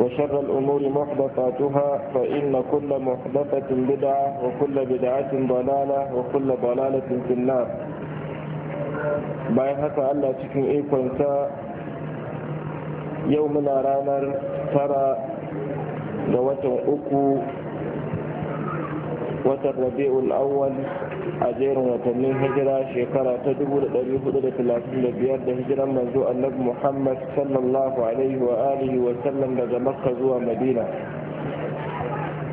وشر الأمور محدثاتها فإن كل محدثة بدعة وكل بدعة ضلالة وكل ضلالة في النار bayan haka Allah cikin ikonsa yau muna ranar tara ga watan uku watan rabi'ul awwal a jerin watannin hijira shekara ta dubu da hijiran manzo annabi muhammad sallallahu alaihi wa alihi wa sallam daga makka zuwa madina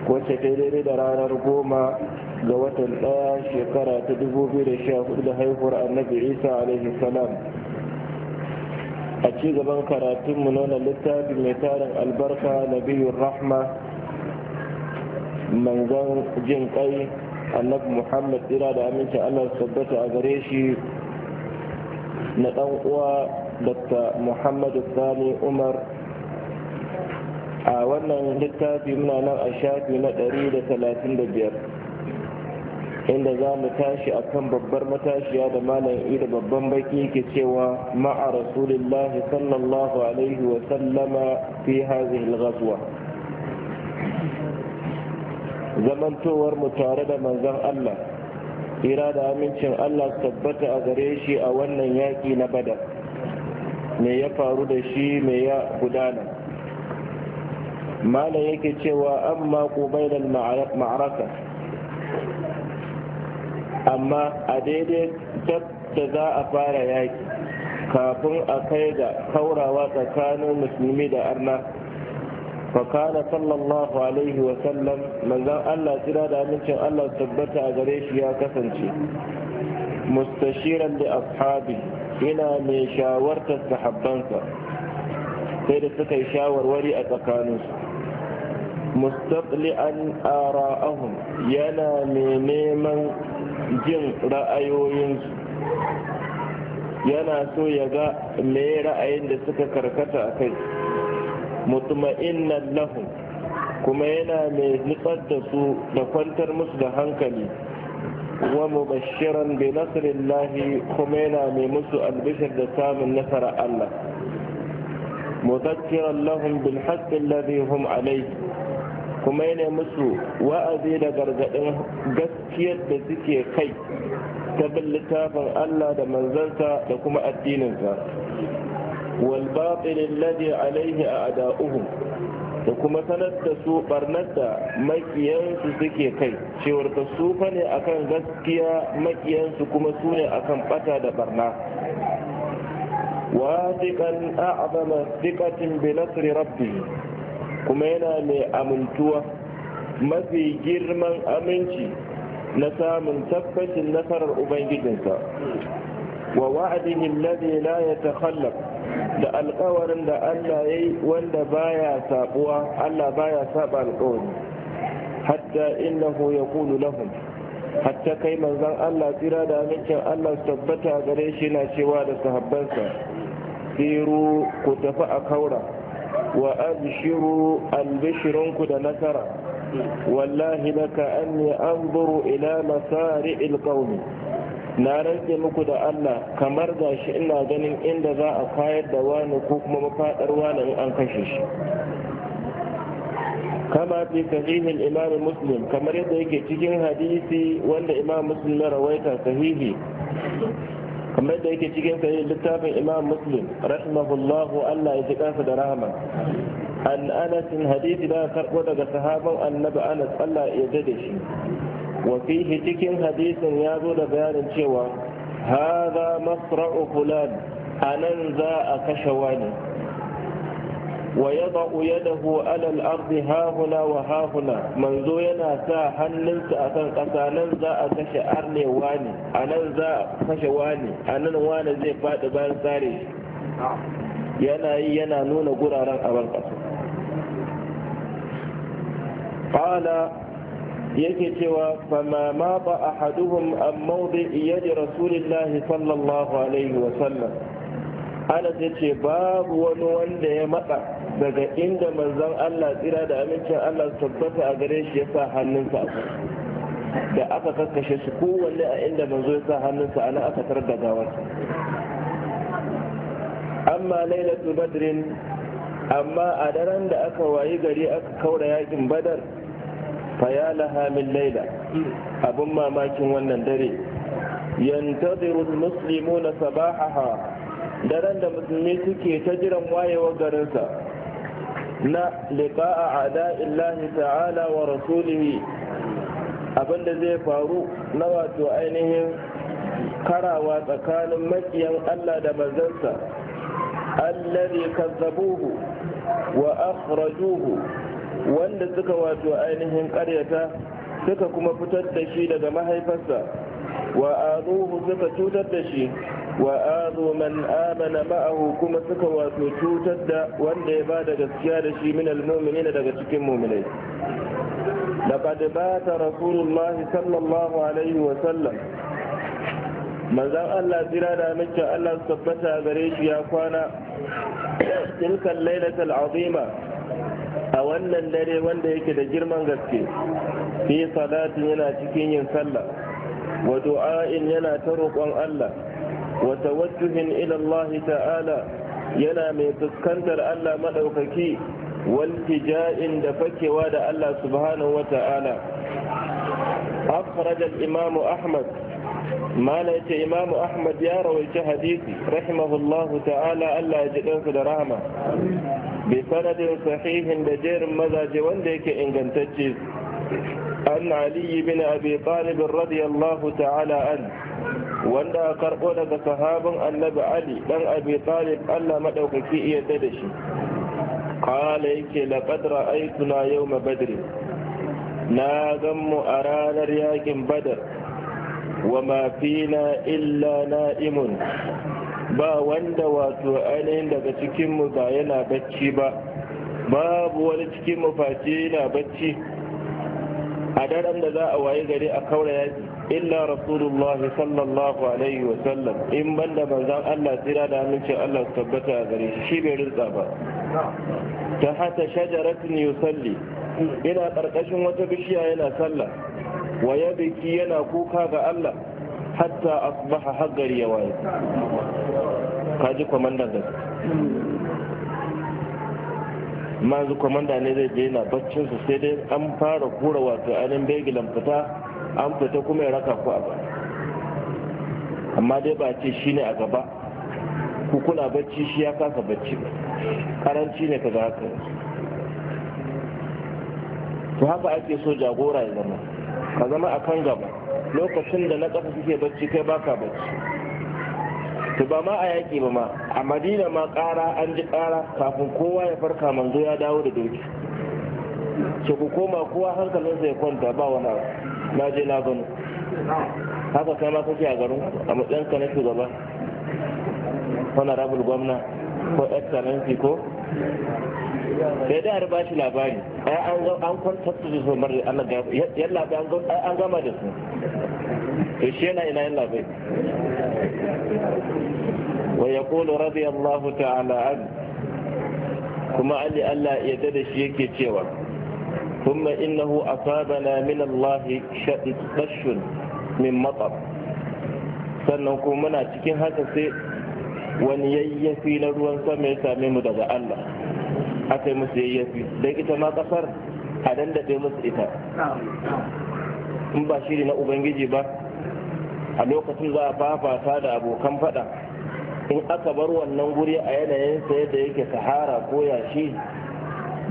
wacce ta daidai da ranar goma ga watan ɗaya shekara ta 2014 da haihuwar annabi isa alaihi salam a ci gaban karatunmu nuna littafi mai tarin albarka na biyun rahma manzan jin kai annabi muhammad tsira da aminci allah tabbata a gare shi na ɗan uwa dr muhammadu sani umar a wannan littafi muna nan a shafi na ɗari da talatin da biyar inda za mu tashi a kan babbar matashiya da malam da babban baki ke cewa ma'a rasulillah sallallahu alaihi wa sallama fi hazihi al zamantowar mu tare da manzon Allah ira da amincin Allah tabbata a gare shi a wannan yaƙi na bada me ya faru da shi me ya gudana malam yake cewa amma qubailal ma'araka amma a daidai da za a fara yaƙi kafin a kai ga kaurawa tsakanin musulmi da arna فقال صلى الله عليه وسلم من ذا الله ترى دامنشن الله ثبت أغريش يا كسنشي مستشيرا لأصحابي إنا من شاورت استحبانك سيد سكي يشاور وري أتقانوس مستطلعا آراءهم ينا من نيما جن رأيوين yana so ya ga me ra'ayin da suka karkata a kai mutma'innan lahu kuma yana mai nutsar da su da kwantar musu da hankali wa mubashiran bi nasrillahi kuma yana mai musu albishir da samun nasara Allah mudakkiran lahum bil haqqi alladhi hum alayhi kuma yana musu wa'azi da gargadin gaskiyar da suke kai ta bin littafin Allah da manzansa da kuma addininsa والباطل الذي عليه أعداؤهم da kuma sanar da su barnar da makiyansu suke kai cewar ta su fa ne akan gaskiya makiyansu kuma su ne akan bata da barna wasiqan a'zama thiqatin bi nasri rabbi kuma yana mai amintuwa mafi girman aminci na samun tabbacin nasarar ubangijinsa wa ووعده الذي ya يتخلف da alkawarin da Allah ya yi wanda baya Allah baya saba alkawari hatta innahu yaqulu lahum hatta kai manzon Allah tsira da amincin Allah su tabbata gare shi na cewa da sahabbansa tsiru ku tafi a kaura wa abshiru da nasara wallahi laka anni anzuru ila masari'il qaumi na rage muku da Allah kamar gashi ina ganin inda za a kayar da wani ko kuma mafaɗar wani in an kashe shi kama fi sahihin imam muslim kamar yadda yake cikin hadisi wanda imam muslim na rawaita sahihi kamar yadda yake cikin sahihin littafin imam muslim rahimahullahu Allah ya ji kansa da rahama an anas hadisi da karbo daga sahaban annabi anas Allah ya dade shi wa fihi cikin hadisin ya zo da bayanin cewa hadha masra'u fulan anan za a kashe wani wa yada'u yadahu ala al-ardi hahuna wa hahuna manzo yana sa hannunsa akan ƙasa nan za a kashe arne wani anan za a kashe wani anan wani zai faɗi bayan sare yana yi yana nuna guraren a kasa ƙasa yake cewa fama ma ba a haduhun an mawdi iyadi rasulillahi sallallahu alaihi wasallam ana ta ce babu wani wanda ya matsa daga inda manzon allah tsira da amincin allah tabbata a gare shi ya sa hannunsa a da aka kakkashe su kowanne a inda manzo ya sa hannunsa ana aka tarar da gawarsa amma lailatul badrin amma a daren da aka wayi gari aka kaura yakin badar faya laha min laila abin mamakin wannan dare yantaziru muslimuna sabahaha daren da musulmi suke ta jiran wayewar garinsa na liqa'a ada'illahi ta'ala wa rasulihi abinda zai faru na wato ainihin karawa tsakanin makiyan Allah da manzansa allazi kazzabuhu wa akhrajuhu wanda suka wato ainihin karyata suka kuma fitar da shi daga mahaifarsa wa azuhu suka cutar da shi wa azu man amana ma'ahu kuma suka wato cutar da wanda ya bada gaskiya da shi min almu'minin daga cikin mu'minai laqad bata rasulullah sallallahu alaihi wa sallam manzon Allah zira da miki Allah tabbata gare shi ya kwana tilka lailatul azima a wannan dare wanda yake da girman gaske fi salatin yana cikin yin sallah wa du'a'in yana ta roƙon Allah wa tawajjuhin ila Allah ta'ala yana mai fuskantar Allah madaukaki wal tija'in da fakewa da Allah subhanahu wa ta'ala akhraj al-imam Ahmad yace imamu ahmad ya rawaita hadisi rahimahullahu ta'ala Allah ya ji da rahama bi sanadin sahihin da jerin mazaje wanda yake ingantacce an ali bin abi talib radiyallahu ta'ala an wanda a karɓo daga sahabin annabi ali dan abi talib allah maɗaukaki yadda da shi qala yake laqad ra'aytuna yawma badr na gan mu a ranar yakin badar wa ma fina illa na'imun ba wanda wato ainihin daga cikinmu ba yana bacci ba babu wani cikin mafaci yana bacci a daren da za a waye gari a kaura yaki illa rasulullahi sallallahu alaihi wa sallam in banda manzon Allah tsira da amincin Allah su tabbata a gare shi bai rinsa ba ta hata shajaratin yusalli ina karkashin wata bishiya yana sallah wa biki yana kuka ga Allah hatta asbaha har gari ya waye kaji kwamandan gari manzu kwamanda ne zai je baccin su sai dai an fara kura wato ainihin begilan fita an fita kuma ya raka ku a ba amma dai ba ce shi ne a gaba ku kuna bacci shi ya kasa bacci karanci ne ka haka to haka ake so jagora ya zama ka zama a kan gaba lokacin da na ƙasa suke bacci kai baka bacci to ba ma a yaƙi ba ma a madina ma ƙara an ji ƙara kafin kowa ya farka manzo ya dawo da doki ce ku koma kowa hankalinsa ya kwanta ba wani abu na je na gano haka kai ma kake a garin a matsayin ka na shugaba wani rabul gwamna ko excellency ko sai da ba shi labari an kwantar da su mar Allah yan labai an gama da su to shi yana ina yin labari wa ya kolo radiyallahu ta'ala an kuma Ali Allah ya dada shi yake cewa ثم إنه أصابنا من الله شطش min مطر sannan kuma muna cikin haka sai wani yayyafi na ruwan sama ya same mu daga Allah aka yi musu yayyafi don ita ma kasar a dandaɗe musu ita in ba shiri na ubangiji ba a lokacin za a fafata da abokan fada in aka bar wannan guri a yanayin sa da yake sahara ko yashi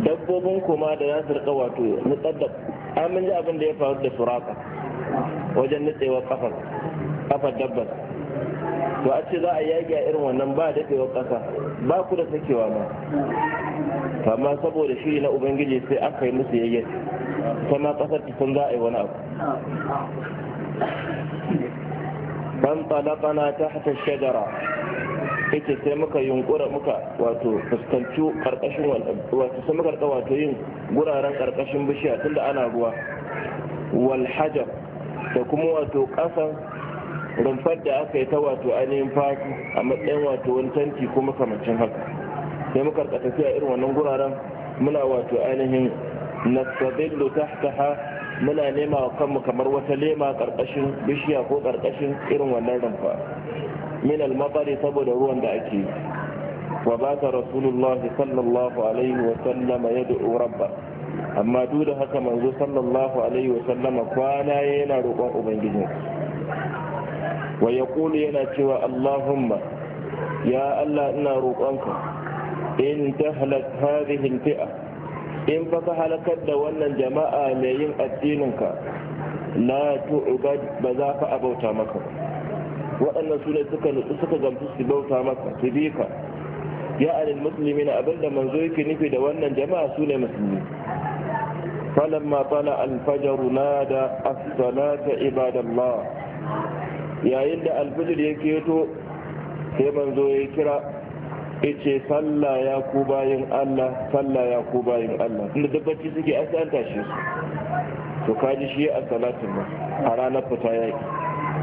dabbobin kuma da za su rika wato nutsar da amin ji abin da ya faru da suraka wajen nutsewar kafar kafar dabbar to a ce za a yage a irin wannan ba daɗewar kasa ba ku da sakewa ba amma saboda shi na ubangiji sai aka yi musu yayye sama kasar ta sun za a yi wani abu ban talakana ta hata shagara ita sai muka yunkura muka wato fuskanci karkashin wato sai muka wato yin guraren karkashin bishiya tunda ana ruwa wal hajar da kuma wato kasan rumfar da aka yi ta wato ainihin fatu a matsayin wato wani tanti kuma kamacin haka sai muka a irin wannan guraren muna wato ainihin nastabillu tahtaha muna nema wa kanmu kamar wata lema karkashin bishiya ko karkashin irin wannan rumfa min al-maqari saboda ruwan da ake وبات رسول الله sallallahu alaihi wa وسلم يدعو ربه amma duk da haka manzo sallallahu alaihi wa sallama kwana yana roƙon ubangiji wa ya yana cewa allahumma ya allah ina roƙonka in tahlak hadhihi alfi'a in fa ka halakar da wannan jama'a mai yin addininka, ka la tu'bad ba za ka abauta maka waɗannan su ne suka nutsu suka gamsu su bauta maka su bi ka ya alil musulmi na abinda manzo yake nufi da wannan jama'a su ne musulmi falamma tala alfajaru nada as-salata ibadallah yayin da alfajir ya keto sai manzo ya kira ce sallah ya ku bayin Allah sallah ya ku bayin Allah inda dabbaci suke an san tashi su to kaji shi a salatin nan a ranar fita yaki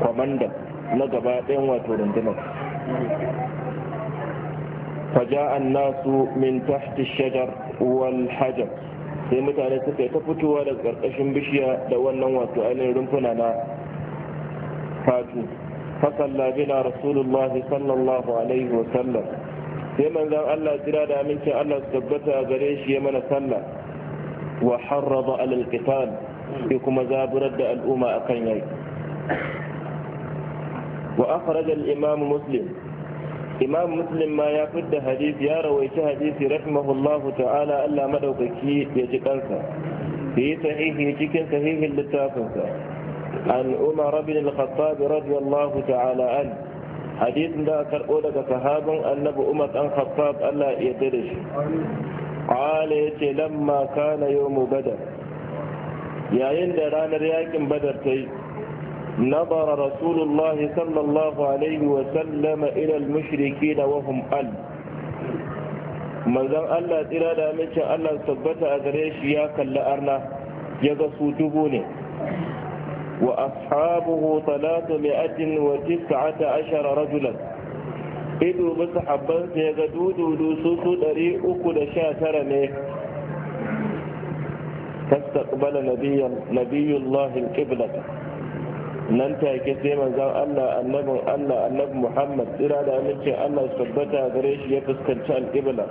kwamandan na gaba ɗayan wato rundunar nasu min tahti shajar wal hajar sai mutane suka yi ta fitowa daga ƙarƙashin bishiya da wannan wato ainihin rumfuna na fatu fasalla bina rasulullahi sallallahu alaihi wasallam sai manzan Allah jira da amincin Allah su tabbata gare shi ya mana sallah wa harraba alal qital sai kuma zaburar da al'umma akan yaki wa akhraj al imam muslim imam muslim ma ya fidda hadisi ya rawaita hadisi rahimahullahu ta'ala Allah madaukaki ya ji kansa fi sahihi cikin sahihin littafinsa an umar bin al-khattab radiyallahu ta'ala anhu hadisin da karɓo daga sahabin annabi umar ɗan khattab allah ya yarda shi qala yace lamma kana yawmu badar yayin da ranar yakin badar ta yi نظر sallallahu alaihi wa sallama عليه وسلم إلى المشركين وهم أل manzon Allah tsira da amincin Allah tabbata a gare shi ya kalli arna ya ga su dubu ne وأصحابه ثلاثمائة وتسعة عشر رجلا إذ متحبا سيغدود لسوس دري أكل شاتر فاستقبل نبي, نبي الله القبلة nan take sai manzon Allah annabin Allah Muhammad tsira da amince Allah su tabbata gare shi ya fuskanci alƙibla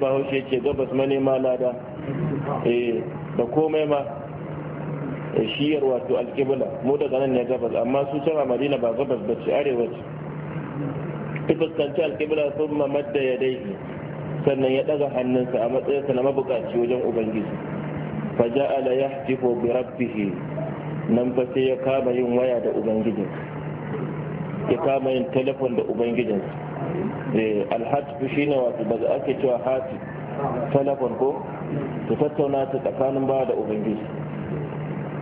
bahaushe ce gabas manema lada komai ma shiyar wato alƙibla mu daga nan ne gabas amma su can a madina ba gabas ba ce arewa ce ki fuskanci alƙibla sun mamad da ya daiki sannan ya ɗaga hannunsa a matsayinsa na mabukaci wajen ubangiji fa ja'ala yahtifu bi rabbihi nan fa sai ya kama yin waya da ubangijin ya kama yin telefon da ubangijin eh, alhatfu shine wato ba za ake cewa hati telefon ko ta tattauna ta tsakanin ba da ubangiji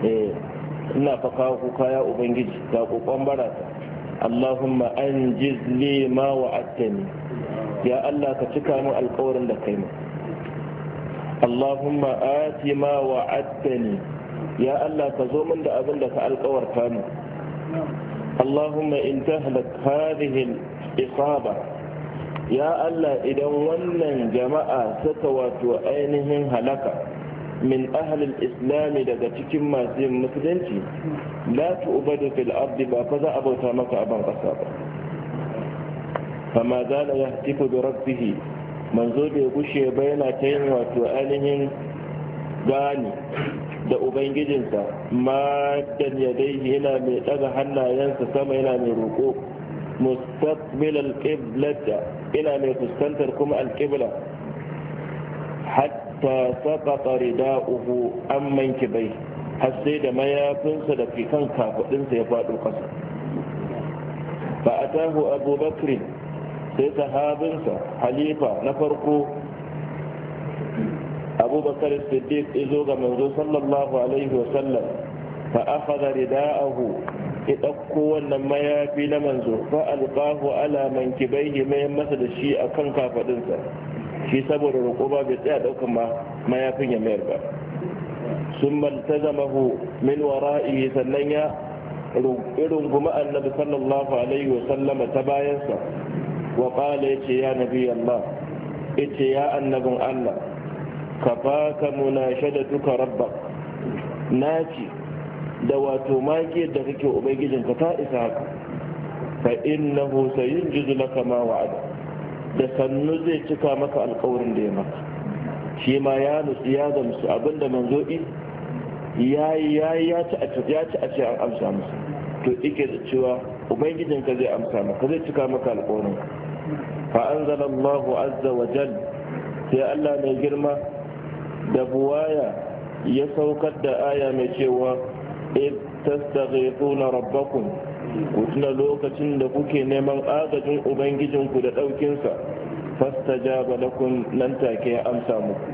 Eh, ina fa kawo kuka ya ubangiji ga kokon barata allahumma an jizli ma wa'attani ya allah ka cika min alƙawarin da kai min allahumma ati ma wa'attani ya allah ka zo min da abin da ka alƙawarta min allahumma in tahlak hadhihi al-isaba ya allah idan wannan jama'a suka wato ainihin halaka min ahalil islami daga cikin masu yin musulunci la tu'badu fil ardi ba fa za a bauta maka a ban ƙasa ba fama zala ya hatifu bi rabbihi manzo bai gushe ba yana ta yin wato ainihin gani da ubangijinsa madan yadaihi yana mai ɗaga hannayensa sama yana mai roƙo mustaqbil alqiblata yana mai fuskantar kuma alqibla hatta hatta saƙaƙa rida'uhu an manki bai har sai da mayafinsa da ke kan kafaɗinsa ya faɗo ƙasa ba a tahu abubakar sai sahabinsa halifa na farko abubakar siddiq izo ga manzo sallallahu alaihi wa wasallam fa akhadha rida'ahu ya ɗauko wannan mayafi na manzo fa alqahu ala kibai mayan masa da shi akan kafaɗinsa shi saboda roƙo ba bai tsaya ɗaukan ma mayafin ya mayar ba sun hu min wara'i sannan ya irin kuma annabi sallallahu alaihi wa sallama ta bayansa wa ƙala ya ce ya nabi Allah ce ya annabin Allah ka da duka rabba Na naci da wato maki da kake ubangijinka ta isa haka fa innahu sayunjizu laka ma wa'ada da sannu zai cika maka alkawarin da ya maka shi ma ya nutsu ya gamsu abinda manzo in ya yi ya yi ya ci a ce an amsa musu to ike da cewa ubangijinka zai amsa maka zai cika maka alkawarin fa anzala Allahu azza wa jal sai Allah mai girma da buwaya ya saukar da aya mai cewa tastaghithuna rabbakum ku tuna lokacin da kuke neman agajin ubangijinku da ɗaukinsa fastajaba lakum nan take ya amsa muku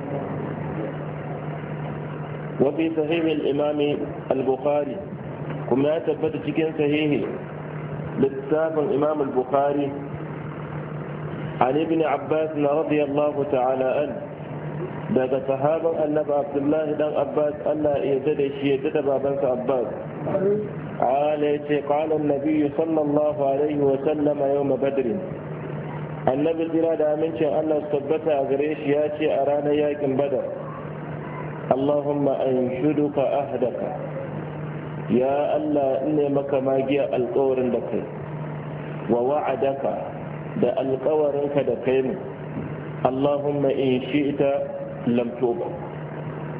wa fi sahihil imami al-bukhari kuma ya tabbata cikin sahihi littafin imam al-bukhari عن ابن عباس رضي الله تعالى عنه daga sahaban annabi abdullahi dan abbas allah ya yarda shi ya da babansa abbas قال قال النبي صلى الله عليه وسلم يوم بدر النبي الجرى دا منشن الله ثبت أغريش ياتي أرانا ياكم بدر اللهم أنشدك أهدك يا الله إني مكماجي القور لك ووعدك da alkawarinka da kai mu Allahumma in shi'ita lam tuba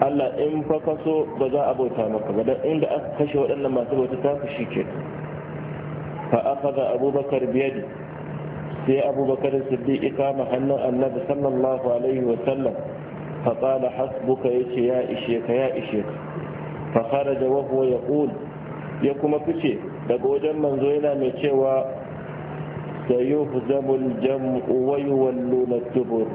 Allah in fa ka so ba za a bauta maka ba dan inda aka kashe waɗannan masu bauta ta ku shike fa akhadha abubakar biyadi sai abubakar siddiq ikama hannun annabi sallallahu alaihi wa sallam fa qala hasbuka yace ya ishe ka ya ishe ka fa kharaja wa huwa yaqul ya kuma fice daga wajen manzo yana mai cewa sayuhzamul jam'u wa yuwalluna dubur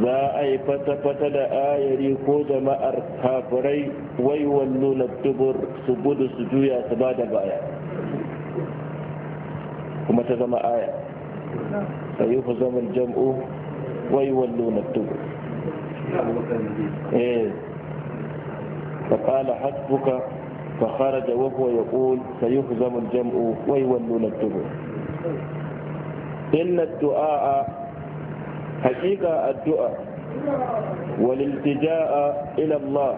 za a yi fata-fata da ayari ko jama'ar kafirai wai wallo na dubur su gudu su juya su ba da baya kuma ta zama aya sai ku zaman jam'u wai wallo na ka ka ya dubur فقال حسبك فخرج وهو يقول سيهزم الجمع ويولون الدبر إن الدعاء haƙiƙa addu'a waliltija'a ila Allah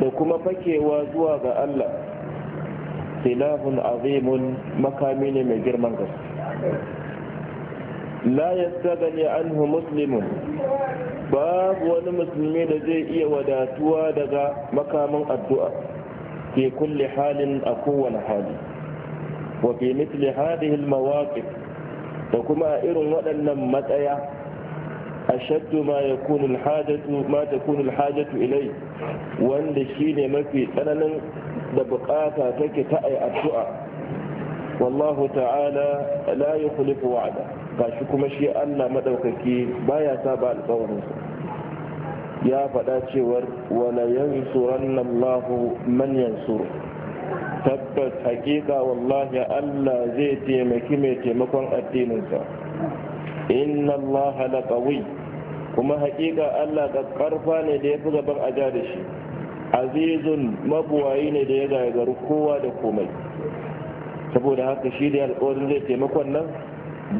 da kuma fakewa zuwa ga Allah silahun azimun makami ne mai girman gaske la yastagani anhu muslimun babu wani musulmi da zai iya wadatuwa daga makamin addu'a ke kulle halin a kowane hali wa fi misli hadhihi da kuma a irin waɗannan matsaya أشد ما يكون الحاجة ما تكون الحاجة إليه وأن شيني ما في أنا دبقاتا تكتأي الدعاء والله تعالى لا يخلف وعده كاشكم شيء ألا مدوككي بايا تابع القول يا فداتي ور ولا ينصرن الله من ينصره tabbas hakika wallahi Allah zai taimaki mai taimakon addininsa inna Allah la qawi kuma haƙiƙa Allah ƙarfa ne da ya fi gaban aja da shi azizun mabuwayi ne da ya gagaru kowa da komai saboda haka shi da alƙawarin zai taimakon nan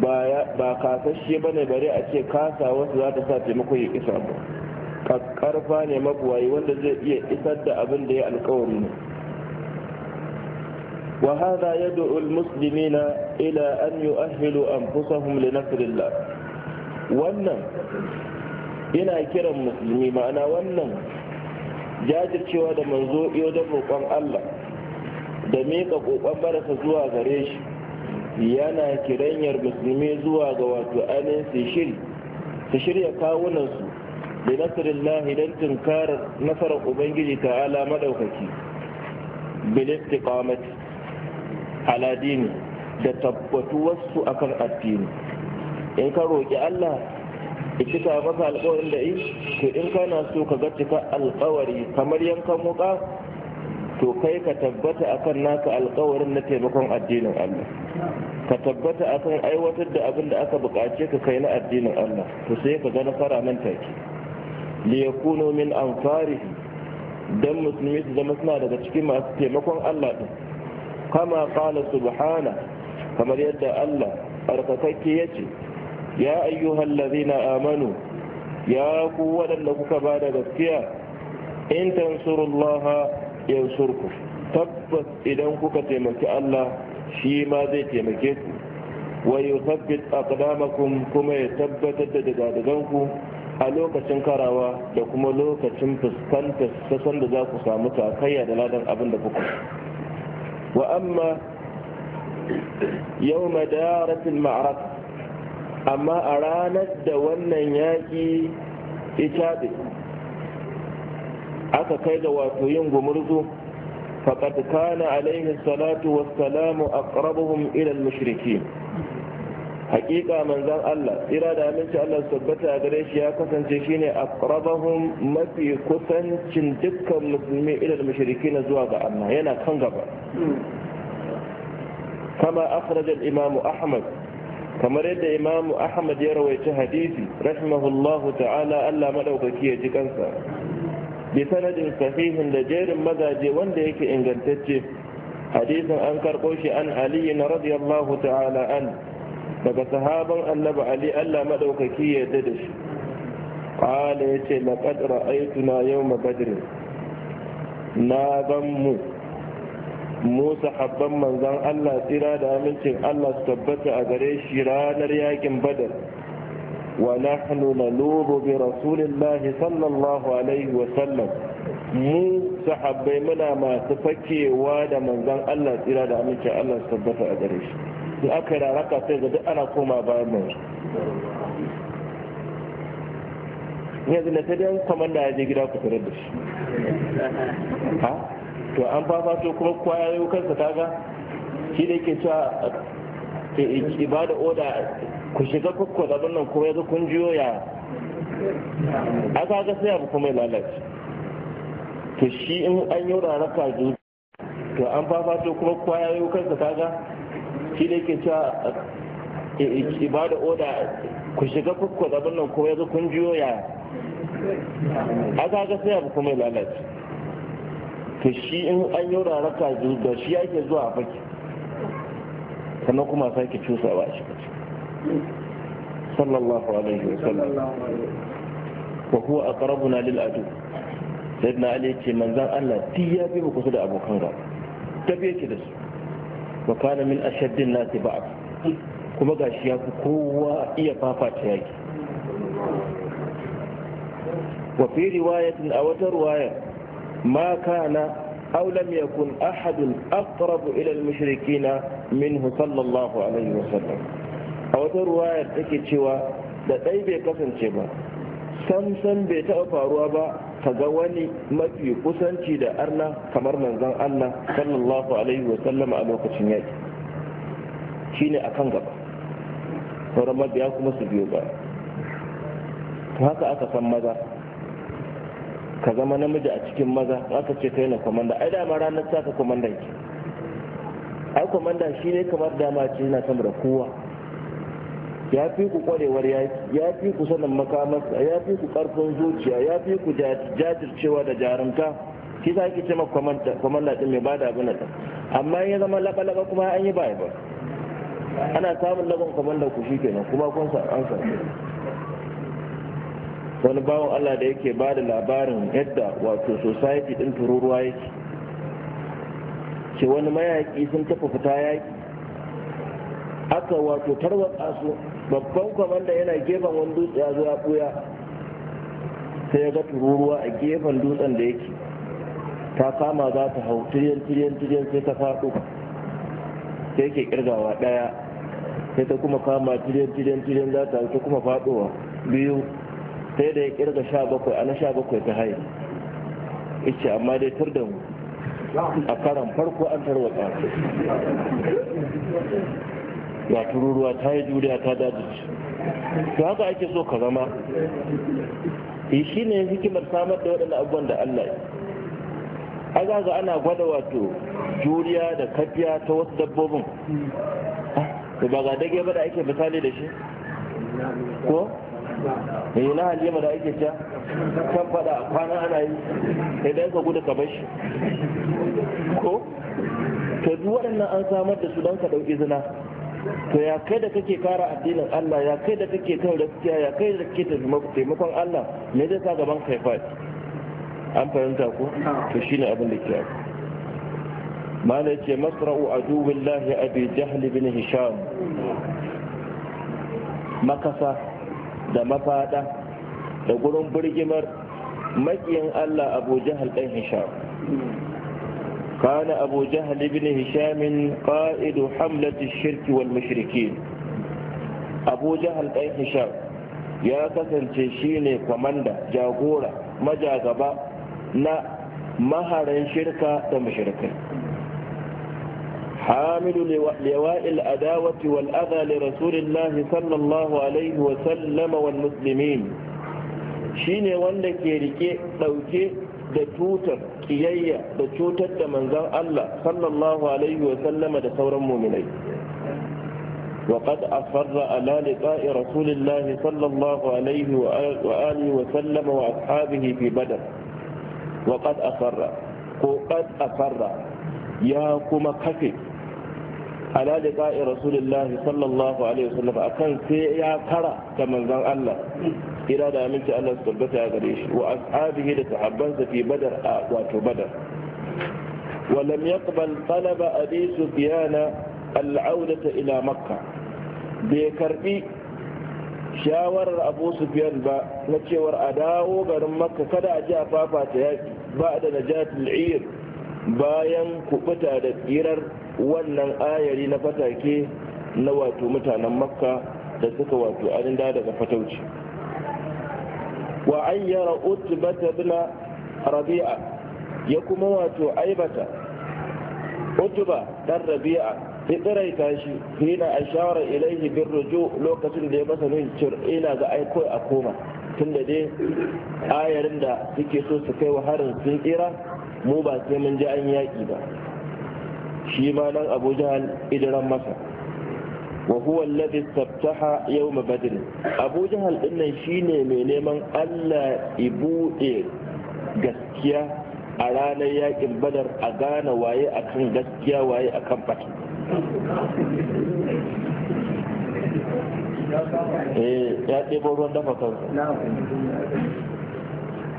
ba kasashe ba ne bare a ce kasa wasu za ta sa taimako ya isa ba ƙarfa ne mabuwayi wanda zai iya isar da abin da ya alƙawari ne وهذا يدعو المسلمين إلى أن يؤهلوا أنفسهم لنصر الله wannan yana kiran musulmi ma'ana wannan jajircewa da manzo iyo da roƙon Allah da miƙa ƙoƙon barasa zuwa gare shi yana kiranyar musulmi zuwa ga wato ainihin su shiri su shirya kawunansu da nasarin lahi don tunkarar nasarar ubangiji ta'ala maɗaukaki bilisti kwamati aladini da tabbatu wasu akan addini in ka roƙi Allah cika maka alƙawarin da yi to in kana so ka ga cika alƙawari kamar yankan wuka to kai ka tabbata akan naka alƙawarin na taimakon addinin Allah ka tabbata akan aiwatar da abin da aka buƙace ka kai na addinin Allah to sai ka ga nasara nan take li yakunu min anfarihi dan musulmi su zama suna daga cikin masu taimakon Allah din kama qala subhana kamar yadda Allah arkakakke yace ya ayyuhal ladina amanu ya ku waɗanda kuka ba da gaskiya in tansurullaha yansurku tabbas idan kuka taimaki Allah shi ma zai taimake ku wa yuthabbit aqdamakum kuma ya tabbatar da dagadaganku a lokacin karawa da kuma lokacin fuskantar sassan da za ku samu takayya da ladan abin da kuka wa amma yau madaratul ma'araka amma a ranar da wannan yaƙi ita aka kai da wato yin gumurzu faƙad kana alaihi salatu wassalamu aqrabuhum ila al-mushriki haƙiƙa manzan Allah ira da aminci Allah su tabbata a ya kasance shine aqrabuhum mafi kusancin dukkan musulmi ila al na zuwa ga Allah yana kan gaba hmm. kama akhraj Imamu Ahmad kamar yadda imamu ahmad ya rawaita hadisi rahimahullahu ta'ala allah maɗaukaki ya ji kansa bi sanadin sahihin da jerin mazaje wanda yake ingantacce hadisin an karɓo shi an ali na radiyallahu ta'ala an daga sahaban annabi ali allah maɗaukaki ya yarda da shi qala yace laqad ra'aytuna yawma badr na gan mu Musa sahabban manzan Allah tsira da amincin Allah su tabbata a gare shi ranar yakin badar wa nahnu nalubu bi rasulillah sallallahu alaihi wa sallam mu sahabbai muna masu fakewa da manzan Allah tsira da amincin Allah su tabbata a gare shi in aka yi raraka sai ga duk ana koma bayan manzo yanzu na ta dan kwamanda ya je gida ku tare da shi to an fafato kuma yau kansa kaga shi da yake cewa ibada oda ku shiga kwakwa abin nan kuma yanzu kun jiyo ya a ga sai abu kuma lalace to shi in an yi raraka zu to an fafato kuma yau kansa kaga shi da yake cewa ibada oda ku shiga kwakwa abin nan kuma yanzu kun jiyo ya a ga sai abu kuma lalace to shi in an yi raraka da shi yake zuwa a faki sannan kuma sake cusa ba shi sallallahu alaihi wasallam wa huwa na lil adu na ali ce manzan Allah ti ya fi mu kusa da abokan gaba tafiye ki da su wa kana min ashaddin nasi ba'a kuma ga shi ya fi kowa iya fafata yaki wa fi riwayatin a wata riwayar ma kana أو لم يكن أحد أقرب إلى المشركين منه صلى الله عليه وسلم أو رواية تكي شوى da ɗai bai kasance ba samsam bai taɓa faruwa ba ka ga wani mafi kusanci da Allah kamar manzon Allah sallallahu alaihi wa sallam a lokacin yaki shine akan gaba sauran mabiya kuma su biyo ba haka aka san maza ka zama namiji a cikin maza aka ce kai na kwamanda ai dama ranar sa ka kwamandan ki ai kwamanda shi ne kamar dama ce na sama da kowa ya fi ku kwarewar yaki ya fi ku sanin makamarsa ya fi ku karfin zuciya ya fi ku jajircewa da jarumta shi sa ake ce ma kwamanda din mai bada abin da amma ya zama laba-laba kuma an yi baya ba ana samun lagon kwamanda ku shi kenan kuma kun sa an sa wani bawan Allah da yake ba da labarin yadda wato society din tururuwa yake ce wani mayaki sun tafi fita yaki aka wato tarwatsa su babban kwamanda yana gefen wani dutse ya zo ya sai ya ga tururuwa a gefen dutsen da yake ta kama za ta hau tiriyan tiriyan tiriyan sai ta faɗo sai ke kirgawa ɗaya sai ta kuma kama tiriyan tiriyan tiriyan za ta hau ta kuma faɗowa biyu sai da ya kirga sha bakwai ana sha bakwai ta haihu ice amma dai tur da mu a karan farko an tarwa ƙasa ba tururuwa ta yi juriya ta dajici to haka ake so ka zama yi eh, shi ne hikimar samar da waɗanda abubuwan da allah a zaga ana gwada wato juriya da kafiya ta wasu dabbobin ba ga dage ba da ake misali da shi ko eh na halima da ake ta kan fada a kwana ana yi idan ka gudu ka bar shi ko Ka duk waɗannan an samar da su don ka ɗauki zina to ya kai da kake kara addinin Allah ya kai da kake kan gaskiya ya kai da kake taimakon Allah me zai sa gaban kai fa an fahimta ko to shine abin da ke yau mala yace masra'u aduwillahi abi jahl bin hisham makasa da mafaɗa da gurin birgimar maƙiyan Allah Abu Jahal ɗan Hisham. kana Abu Jahal ibn Hishamin ƙa’idu hamlati shirki wal mashirki. Abu Jahal ɗan Hisham ya kasance shi ne kwamanda jagora majagaba na maharan shirka da mushrikai. عامل لواء الأداوة والأذى لرسول الله صلى الله عليه وسلم والمسلمين shine wanda ke rike ɗauke da tutar kiyayya da cutar da manzan Allah sallallahu alaihi wa sallama da sauran muminai wa qad asarra ala liqa'i rasulillahi sallallahu alaihi wa alihi wa sallama wa ashabihi fi badr wa qad asarra ko qad asarra ya kuma kafe ala liqa'i rasulillah sallallahu alaihi wasallam akan sai ya kara da manzon Allah kira da aminci Allah su tabbata a gare shi wa ashabihi da sahabbansa fi badar a wato badar wa lam yaqbal talaba abi sufyan al'audata ila makka bai karbi shawarar abu sufyan ba na cewar a dawo garin makka kada a ji a fafata yaƙi ba da najatul ir bayan kubuta da tsirar wannan ayari na fatake na wato mutanen makka da suka wato an da daga fatauci wa an yara utbata bina rabi'a ya kuma wato aibata utuba dan rabi'a ya tsiraita shi hina shawarar ilaihi bin rujo lokacin da ya masa nun ina ga aiko a koma tunda dai ayarin da suke so su kai wa harin sun tsira mu ba sai mun ji an yaƙi ba shi ma nan abu jahal idiran masa wa huwa alladhi istabtaha yawm badr abu jahal din nan shine mai neman Allah ibuɗe gaskiya a ranar yakin badar a gane waye akan gaskiya waye akan fata eh, ya ɗebo ruwan dafa kansa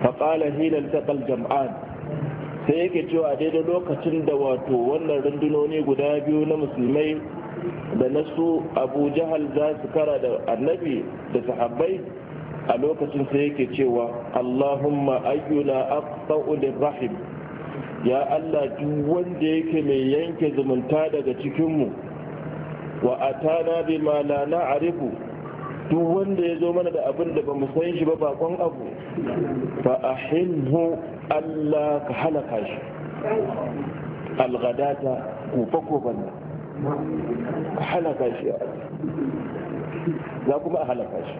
faƙala hilal taƙal jam'an sai yake cewa daidai lokacin da wato wannan rundunoni guda biyu na musulmai da na su abu jahal za su kara da annabi da sahabbai a lokacin sai yake cewa allahumma ayyuna aqsa'u rahim ya allah duk wanda yake mai yanke zumunta daga cikinmu wa atana bima la na'rifu duk wanda ya zo mana da abin da ba mu san shi ba bakon abu fa ahilhu Allah ka halaka shi algadata kofa-kofan nan ka halaka shi za kuma a halaka shi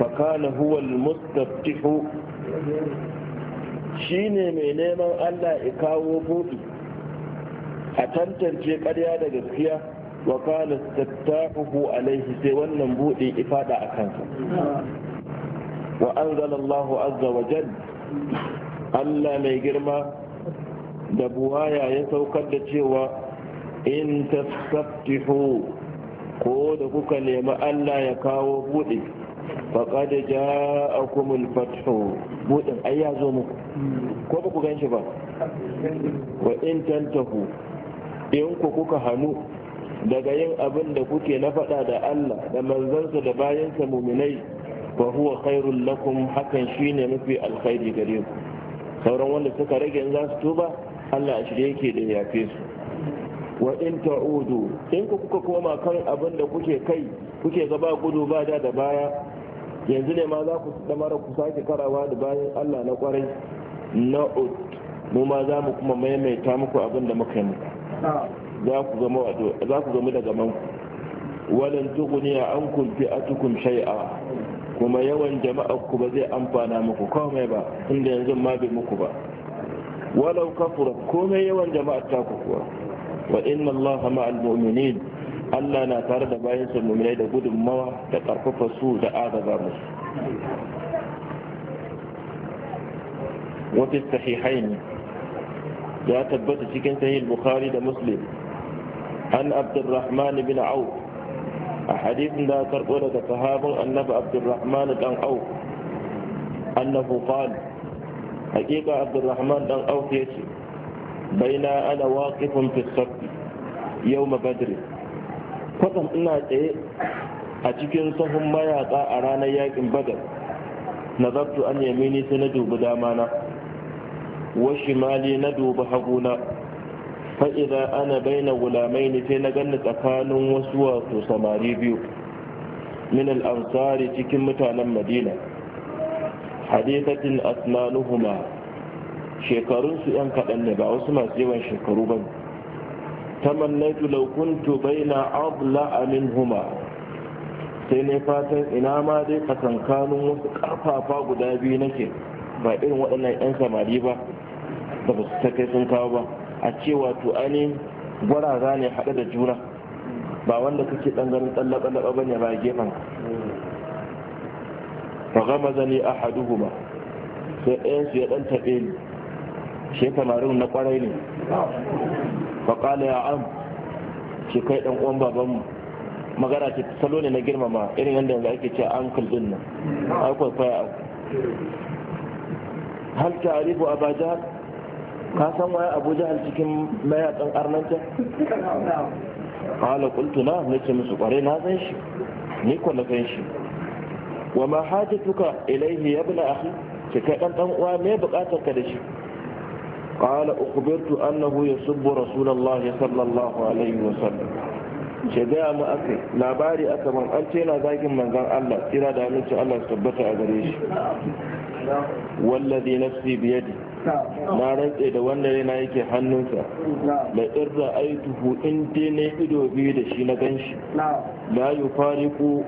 fakana huwa almustaftihu shi ne mai neman Allah ya kawo buɗi a tantance ƙarya da gaskiya wa kana tattafuhu alaihi sai wannan buɗe ifada a kansa wa anzala Allahu azza wa jalla Allah mai girma da buwaya ya saukar da cewa in tastaftihu ko da kuka nemi Allah ya kawo buɗe a ja'akumul fathu buɗin ai ya zo muku ko ba ku ganshi ba wa in tantahu in ku kuka hannu daga yin abin da kuke na faɗa da Allah da manzansa da bayansa muminai wa huwa khairul lakum hakan shine mafi alkhairi gare ku sauran wanda suka rage in za su tuba Allah a shirye yake da yafe su wa in ta'udu in ku kuka koma kan abin da kuke kai kuke gaba gudu ba da da baya yanzu ne ma za ku mara ku sake karawa da bayan Allah na kwarai na'ud mu ma za mu kuma maimaita muku abin da muka yi muku za ku zama za ku zama daga manku walan tughniya ankum atukum shay'a kuma yawan jama'ar ku ba zai amfana muku komai ba inda yanzu ma bai muku ba walau kafura komai yawan jama'ar ta kuwa wa inna Allah ma'al mu'minin Allah na tare da bayan sa mu'minai da gudunmawa da karfafa su da adaba musu wa sahihaini ya tabbata cikin sahih bukhari da muslim an abdurrahman bin auf a hadisin da karɓo daga sahabin annabi abdurrahman dan au annahu qal haƙiƙa abdurrahman dan au yace baina ana waqifun fi sabt yawm badr kwatsam ina tsaye a cikin sahun mayaƙa a ranar yakin badar nazartu an yamini sai na dubi damana wa shimali na dubi haguna idza ana baina gulamai ne sai na ganni tsakanin wasu wato samari biyu min al'ansari cikin mutanen madina hadithatin asmanuhuma shekarunsu yan kaɗan ne ba wasu masu yawan shekaru ba tamannaitu law kuntu baina adla minhuma sai ne fatan ina ma dai kasankanin wasu ƙarfafa guda biyu nake ba irin waɗannan 'yan samari ba da ba su ta kai sun kawo ba a ce wato ainihin za ne haɗe da juna ba wanda kake ɗan ganin tsallaba-tsallaba ba ne ba gefen fa gama zane a haduhuma sai ɗayansu ya ɗan taɓe ni shi kamarin na ƙwarai ne fa ƙala ya am shi kai ɗan uwan baban mu. magana ce salo ne na girmama irin yadda yanzu ake ce an kulɗin nan akwai kwaikwaya abu hal ta abajar a ka san waye abu jahal cikin mayakan arnanta Kala kultuna na ce musu kware na san shi ni ko na san shi wa ma hajatuka ilayhi ya ibn akhi ce kai dan dan uwa me bukatar ka da shi qala ukhbirtu annahu yusubbu rasulullah sallallahu alaihi wa sallam ce gaya mu aka labari aka ban an ce na zagin manzon Allah kira da aminci Allah su tabbata a gare shi wallazi nafsi biyadi na rantse da wanda rena yake hannunsa la in ra'aituhu in dai ido biyu da shi na ganshi la yufariqu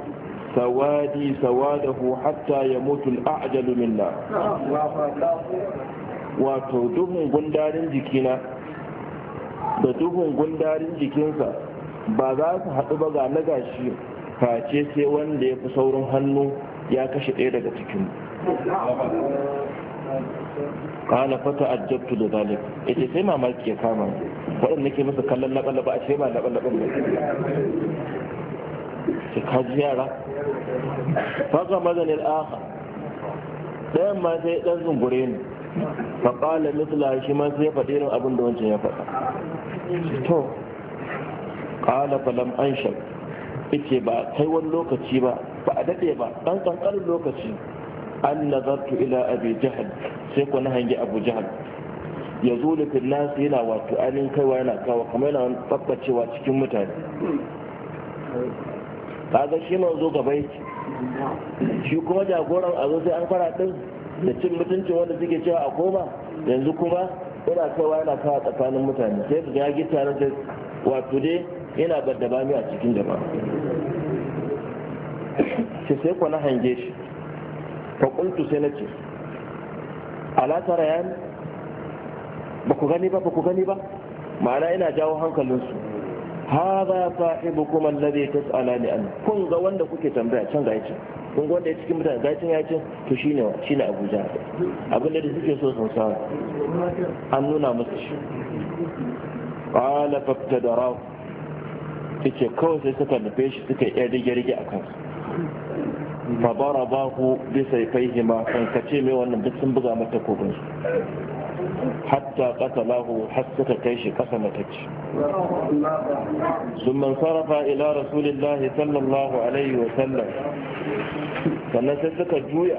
sawadi sawadahu hatta ya mutu al'ajalu minna wato duhun gundarin jikina da duhun gundarin jikinsa ba za su haɗu ba ga na gashi face sai wanda ya fi saurin hannu ya kashe ɗaya daga cikin kala fata ajabtu da zalik ita sai mamaki ya kama waɗanda nake musu kallon laɓa-laɓa a ce ba laɓa-laɓan ba ce kaji yara faga mazan al'aka ɗayan ma sai ɗan zungure ne faƙala mithla shi ma sai faɗi irin abin da wancan ya faɗa to ƙala falam an shak ce ba kai wani lokaci ba ba a daɗe ba ɗan ƙanƙanin lokaci an nazartu ila abi jahal sai ku na hangi abu jahal ya zo lufin nasu yana wato ainihin kaiwa yana kawo kuma yana wani tsabbacewa cikin mutane kaga shi zo gaba yake shi kuma jagoran a zo sai an fara din da cin mutuncin wanda suke cewa a koma yanzu kuma yana kaiwa yana kawo tsakanin mutane sai ga ya gita na wato dai yana dabami a cikin jama'a sai ku na hange shi faƙuntu sai na ce alatara ya ne ba ku gani ba ba ku gani ba ma'ana ina jawo hankalinsu haza sahibu kuma alladhi ne an kun ga wanda kuke tambaya can ga yace kun ga wanda ya cikin mutane ga ya ce to ne wa ne Abuja abin da suke so sun samu an nuna musu shi da rawa. Ta ce kawai sai suka nufe shi suka yi rige-rige a kansu fa darabahu bi sayfayhima kan kace mai wannan duk sun buga mata kogin su hatta qatalahu har suka kai shi kasa matacce sun man sarrafa ila rasulillahi sallallahu alaihi wa sallam sannan sai suka juya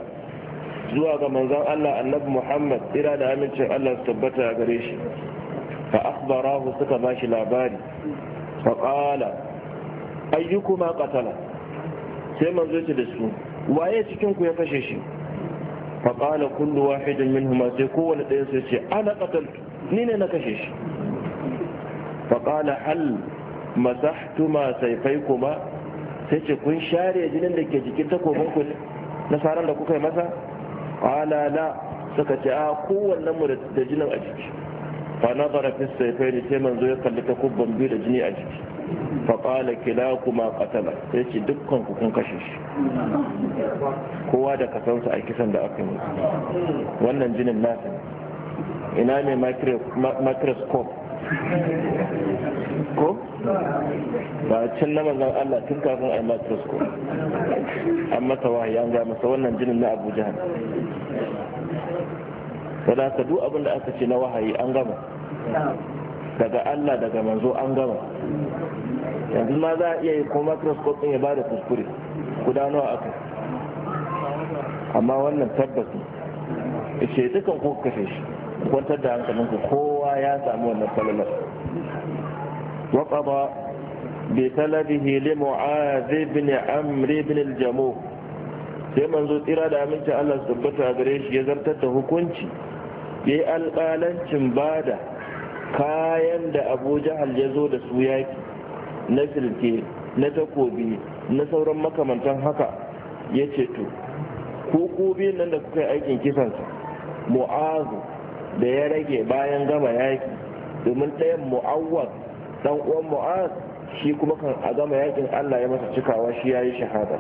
zuwa ga manzon Allah annabi Muhammad ira da amincin Allah su tabbata gare shi fa akhbarahu suka bashi labari fa qala ayyukuma qatala sai manzo ce da su waye cikin ku ya kashe shi fa qala kullu wahidin minhum sai kowanne ɗayan sai ce ana qataltu ni ne na kashe shi fa qala hal masahtuma sayfaykuma sai ce kun share jinin da ke jikin takobin ku na saran da kuka yi masa qala la suka ce a kowanne mu da jinin a jiki fa nazara fi sayfayni sai manzo ya kalli takobban biyu da jini a jiki faƙala kila kuma ƙatala sai ce dukkan ku kun kashe shi kowa da kasansa a kisan da aka yi wannan jinin nasa ina ne microscope ko ba cin na manzan Allah tun kafin a yi microscope an masa wahayi an ga masa wannan jinin na abuja sadaka duk abin da aka ce na wahayi an gama daga Allah daga manzo an gama yanzu ma za a iya yi ko microscope ɗin ya ba da kuskure guda nawa aka amma wannan tabbas ne ce dukan ko kashe shi kwantar da ku kowa ya samu wannan falalar وقضى بسلبه لمعاذ بن عمرو bin الجموح sai manzo tsira da aminci Allah su tabbata gare shi ya zartar da hukunci ya yi alƙalancin bada kayan da abu jahal ya zo da su yaki na sirke na takobi na sauran makamantan haka ya ce to ko ku nan da kuka yi aikin kisansa mu'azu da ya rage bayan gama yaki domin ɗayan mu'awar dan uwan mu'az shi kuma kan a gama yakin Allah ya masa cikawa shi ya yi shahada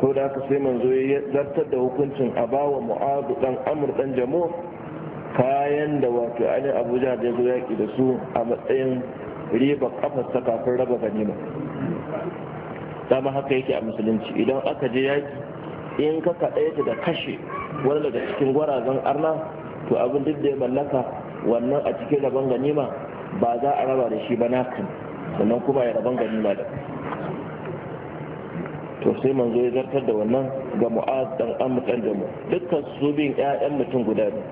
ko da haka sai manzo ya zartar da hukuncin a bawa mu'azu dan amur dan jamo kayan da wato ainihin abuja da ya zo yaki da su a matsayin riba kafarsa kafin raba ganima dama haka yake a musulunci idan aka je yaki in ka kaɗaita da kashe wani daga cikin gwarazan arna to abin duk da ya mallaka wannan a cikin rabon ganima ba za a raba da shi ba nakan sannan kuma ya rabon ganima da to sai manzo ya zartar da wannan ga mu'az dan amr dan jamu dukkan su bin ƴaƴan mutum guda ne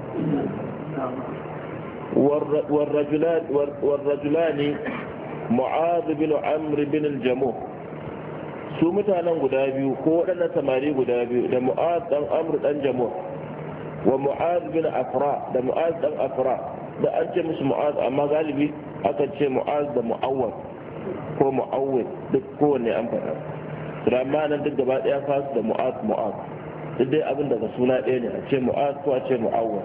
والرجلان, والرجلان معاذ بن عمرو بن الجمو su mutanen guda biyu ko waɗannan samari guda biyu da mu'az dan amr dan jamu wa mu'az bin afra da mu'az dan afra da an ce musu mu'az amma galibi aka ce mu'az da mu'awwal ko mu'awwal duk kowanne an faɗa amma nan duk gaba ɗaya fasu da mu'az mu'az duk dai abin daga suna ɗaya ne a ce mu'az ko a ce mu'awwal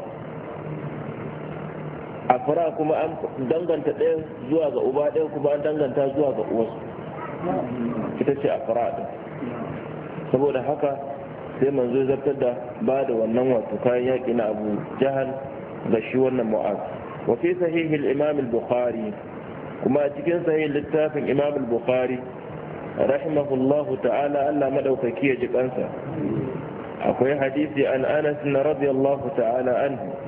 a fara kuma an danganta ɗaya zuwa ga uba ɗaya kuma an danganta zuwa ga uwarsu ita ce a fara ɗin saboda haka sai manzo zartar da ba da wannan wato kayan yaƙi na abu jahal ga shi wannan mu'az wa fi sahihi al-imam al-bukhari kuma a cikin sahihin littafin imam al-bukhari rahimahullahu ta'ala Allah madaukaki ya ji kansa akwai hadisi an Anas radiyallahu ta'ala anhu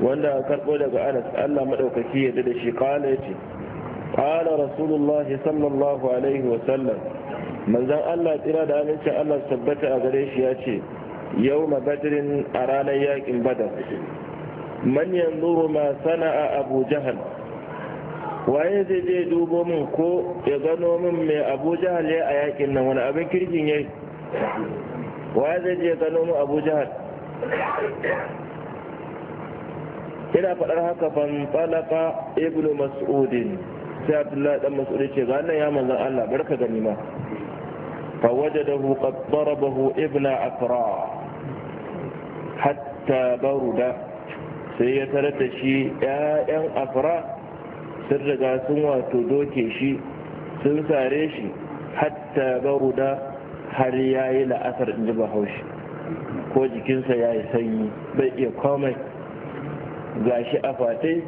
wanda a karɓo daga anas allah maɗaukaki ya da shi kala ce kala rasulullahi sallallahu alaihi wasallam manzan allah tsira da amincin allah tabbata a gare shi ya ce yau ma badirin a ranar yakin badar Manyan yanzuru ma sana'a abu jahal waye zai je dubo min ko ya gano min mai abu jahal ya a yakin nan wani abin kirkin ya waye zai je gano min abu jahal yana faɗar haka ban falaka ibnu mas'udin sai abdullah dan mas'udi ce ga nan ya manzon Allah barka ganima nima fa wajadahu qad darabahu ibn afra hatta baruda sai ya tarar da shi ƴaƴan afra sun riga sun wato doke shi sun sare shi hatta baruda har yayi la'asar in ji bahaushe ko jikinsa ya yi sanyi bai iya komai gashi a fatai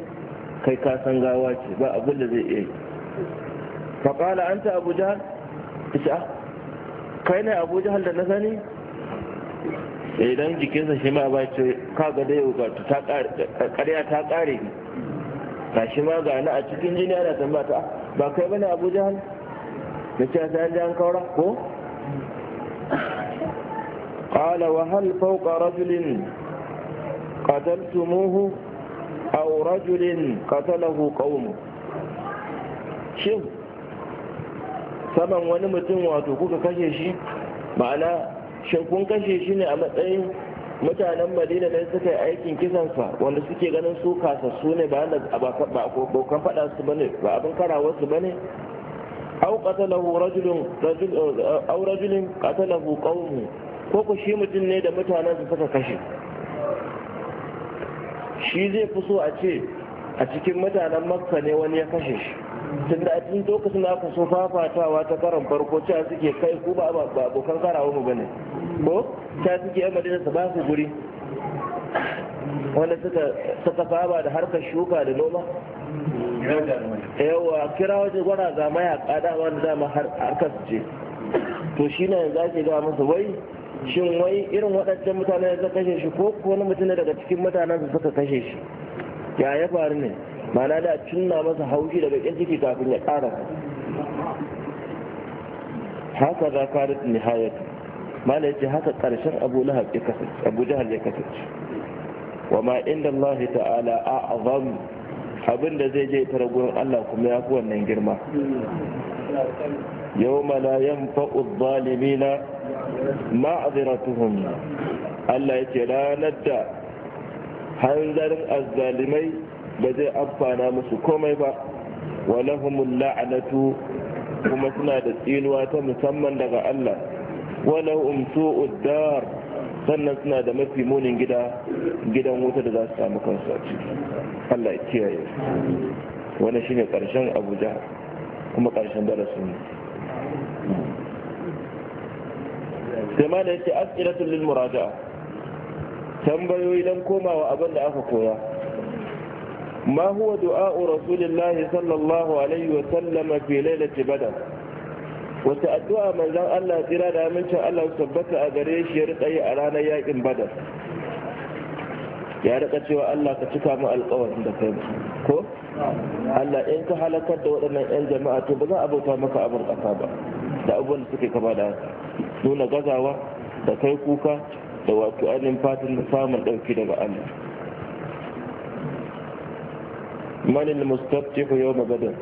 kai ka san gawa ce ba abin da zai iya yi faƙala an ta abu jihar isa kai ne abu jihar da na sani idan eh, jikinsa shi ma ba ce ka ga da yau ta ƙarya ta ƙare ne ga shi ma ga na a cikin jini ana tambata. Ah, ba kai bane abu jihar da ce sai an ji an kaura ko قال وهل فوق رجل قتلتموه أو رجل قتله قوم shin saman wani mutum wato kuka kashe shi ma'ana shin kun kashe shi ne a matsayin mutanen madina ne suka yi aikin sa wanda suke ganin su kasassu ne ba abokan faɗa su bane ba abin karawa su bane au qatalahu rajulun rajul au rajulin qatalahu qawmu ko ko shi mutum ne da mutanen su suka kashe shi zai fi so a ce a cikin mutanen makka ne wani ya kashe shi tun da a cikin lokacin aka so fafatawa ta karan farko cewa suke kai ku ba abokan karawa mu bane ko ta suke yan madina su ba su guri wanda suka saba da harkar shuka da noma yawa kira waje gwara ga mayaka dama da dama harkar ce to shi ne yanzu ake ga masa wai shin wai irin waɗancan mutane da kashe shi ko wani mutum ne daga cikin mutanen su suka kashe shi ya ya faru ne mana da cinna masa haushi daga ƙin ciki kafin ya ƙara haka za ka da nihayatu mana ya ce haka ƙarshen abu lahab ya kasance abu jihar ya kasance wa ma inda Allah ta'ala a azam Abinda zai je tara gurin Allah kuma ya fi wannan girma Yau يوم لا na, الظالمين معذرتهم Allah yake ranar da hanzarin azzalimai ba zai amfana musu komai ba walahumun la'anatu kuma suna da tsinuwa ta musamman daga Allah walahum su'ud dar sannan suna da mafi munin gida gidan wuta da za su samu kansu a ciki Allah ya kiyaye wani shine karshen Abuja kuma karshen darasin sai ma da yace as'ilatun lil muraja'a tambayoyi dan komawa abin da aka koya ma huwa du'a'u rasulillahi sallallahu alaihi wa sallama fi lailati badar wata addu'a manzon Allah tsira da amincin Allah tabbata a gare shi ya rika yi a ranar yakin badar ya rika cewa Allah ka cika mu alƙawarin da kai ko Allah in ka halakar da waɗannan 'yan jama'a to ba za a bauta maka abin ƙasa ba da abubuwan da suke kama da haka nuna gazawa da kai kuka da wato ainihin fatan samun ɗauki daga Allah ce ku yau badar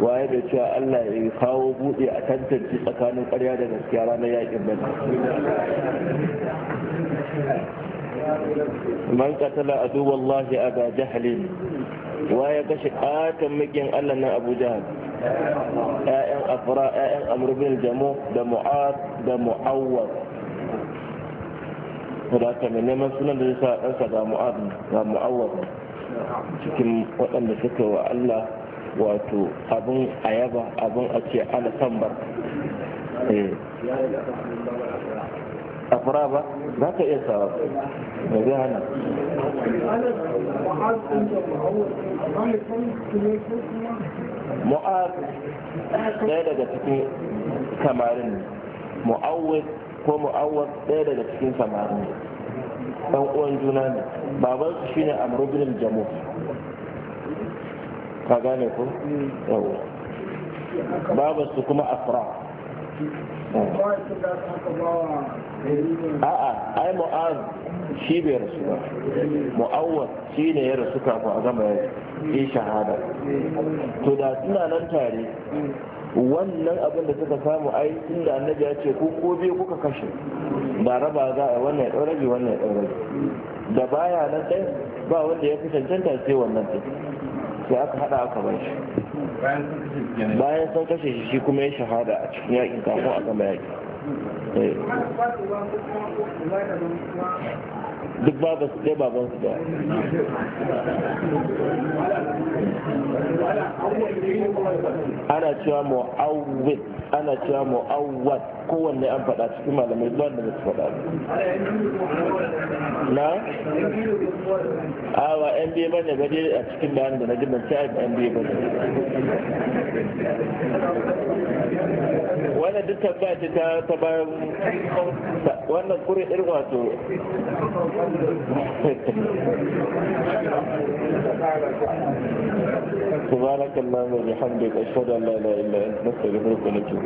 waye da cewa Allah ya kawo buɗe a tantance tsakanin ƙarya da gaskiya ranar yaƙin bane man qatala aduwallahi aba jahlin wa ya kashe katan mikin Allah na Abu Jahal ƴaƴan afra ƴaƴan Amr bin Jamu da Mu'ad da Mu'awwad da ka neman sunan da yasa ɗansa ga Mu'ad ga Mu'awwad cikin waɗanda suka wa Allah wato abin ayaba abin a ce ala fura ba za ka iya sawa ba zai hana mu'ad ɗaya daga cikin ne, mu'awwad ko mu'awwad ɗaya daga cikin ne. ɗan uwan juna ne baban su shine amru bin jamu ka gane ko yawa Baban su kuma afra a'a ai mu'az shi bai rasu ba mu'awwad shi ne ya rasu kafin a gama yi shahada to da suna nan tare wannan abin da suka samu ai da annabi ya ce ku ko biyu kuka kashe ba raba za a wannan ya ɗaurabi wannan ya ɗaurabi da baya nan ɗaya ba wanda ya fi cancanta sai wannan ɗin sai aka haɗa aka bar shi bayan sun kashe shi kuma ya shahada a cikin yaƙin kafin a gama yakin Eh. duk babu su ɗaya baban su da ana cewa mu'awwid ana cewa kowanne an faɗa cikin malamai zuwa da su faɗa na awa yan biye bane ba a cikin bayan da na ji ban ci a yan wannan duk tambaya ce ta ta bayan wannan kuri irin wato سبحانك اللهم وبحمدك اشهد ان لا اله الا انت نستغفرك ونتوب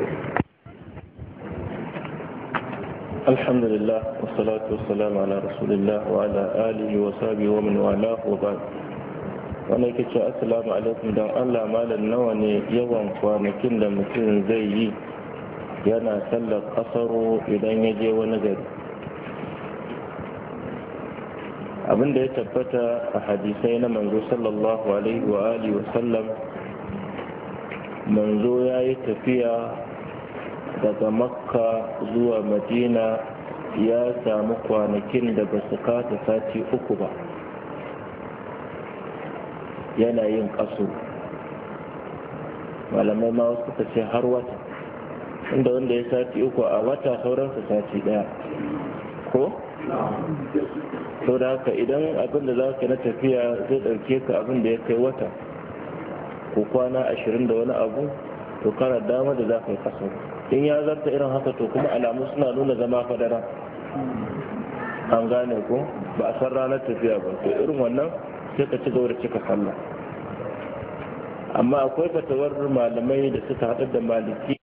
الحمد لله والصلاة والسلام على رسول الله وعلى آله وصحبه ومن والاه وبعد wani ke ce assalamu alaikum don allah malam nawa ne yawan kwanakin da mutum zai yi yana sallar kasaro idan ya je wani gari abinda ya tabbata a hadisai na manzo sallallahu alaihi wa alihi wasallam manzo ya yi tafiya daga makka zuwa madina ya samu kwanakin da ba su kata sati uku ba yana yin kaso malamai ma wasu suka ce har wata inda wanda ya sati uku a wata sauransa sati daya ko saboda haka idan abin da za ka na tafiya zai ɗauke ka abin da ya kai wata ko kwana ashirin da wani abu to kana dama da za ka yi kaso in ya zarta irin haka to kuma alamu suna nuna zama fadara an gane ko ba a san ranar tafiya ba to irin wannan sai ka ci gaba da cika sallah amma akwai fatawar malamai da suka haɗar da maliki